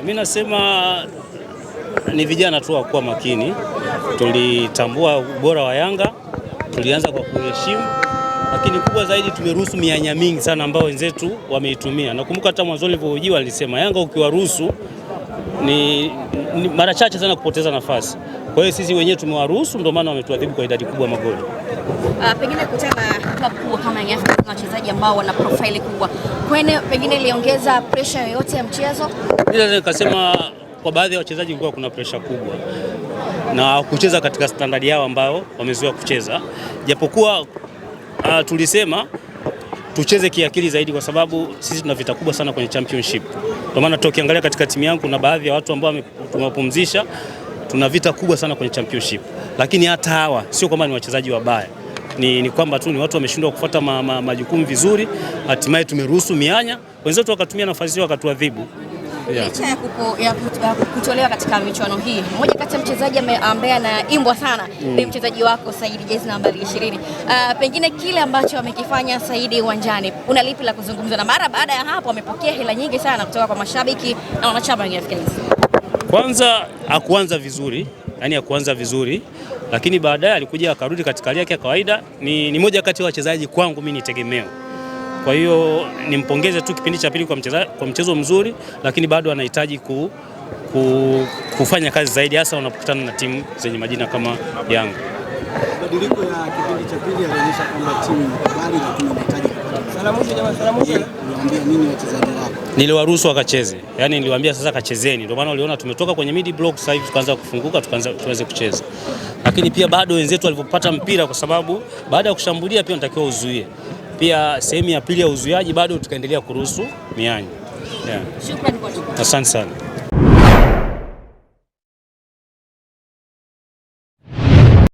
mimi ah, nasema ni vijana tu wakuwa makini. Tulitambua ubora wa Yanga, tulianza kwa kuheshimu, lakini kubwa zaidi tumeruhusu mianya mingi sana ambayo wenzetu wameitumia. Nakumbuka hata mwanzo nilivyohojiwa walisema Yanga ukiwaruhusu ni, ni mara chache sana kupoteza nafasi. Kwa hiyo sisi wenyewe tumewaruhusu, ndio maana wametuadhibu kwa idadi kubwa magoli uh, pengine kutoka club kubwa kama Yanga na wachezaji ambao wana profile kubwa, kwani pengine iliongeza pressure yoyote ya mchezo? Bila nikasema kwa baadhi ya wachezaji kulikuwa kuna pressure kubwa na kucheza katika standard yao ambao wamezoea kucheza, japokuwa uh, tulisema tucheze kiakili zaidi, kwa sababu sisi tuna vita kubwa sana kwenye championship. Kwa maana angalia katika timu yangu kuna baadhi ya watu ambao tumewapumzisha, tuna vita kubwa sana kwenye championship, lakini hata hawa sio kwamba ni wachezaji wabaya ni, ni kwamba tu ni watu wameshindwa kufuata ma, ma, majukumu vizuri, hatimaye tumeruhusu mianya, wenzetu wakatumia nafasi hiyo wakatuadhibu. Yeah. Licha ya, kupo, ya kutolewa katika michuano hii, mmoja kati ya mchezaji ambaye anaimbwa sana mm. ni mm. mchezaji wako Saidi, jezi nambari 20. Uh, ah, pengine kile ambacho amekifanya Saidi uwanjani, una lipi la kuzungumza? Na mara baada ya hapo amepokea hela nyingi sana kutoka kwa mashabiki na wanachama wengine. Kwanza hakuanza vizuri yani ya kuanza vizuri, lakini baadaye alikuja akarudi katika hali yake ya kawaida. Ni, ni moja kati ya wachezaji kwangu mimi ni Kwa hiyo nimpongeze tu kipindi cha pili kwa, kwa mchezo mzuri, lakini bado anahitaji ku, ku, kufanya kazi zaidi, hasa unapokutana na timu zenye majina kama Yanga. Mabadiliko ya kipindi cha pili yanaonyesha kwamba timu bali na tunahitaji. Salamu, salamu. niambie nini wachezaji wako? niliwaruhusu wakacheze, yaani niliwaambia sasa kachezeni. Ndio maana uliona tumetoka kwenye mid block, sasa hivi tukaanza kufunguka, tukaanza tuweze kucheza, lakini pia bado wenzetu walipopata mpira, kwa sababu baada ya kushambulia pia unatakiwa uzuie pia sehemu ya pili ya uzuiaji, bado tukaendelea kuruhusu mianya. Yeah. Asante sana.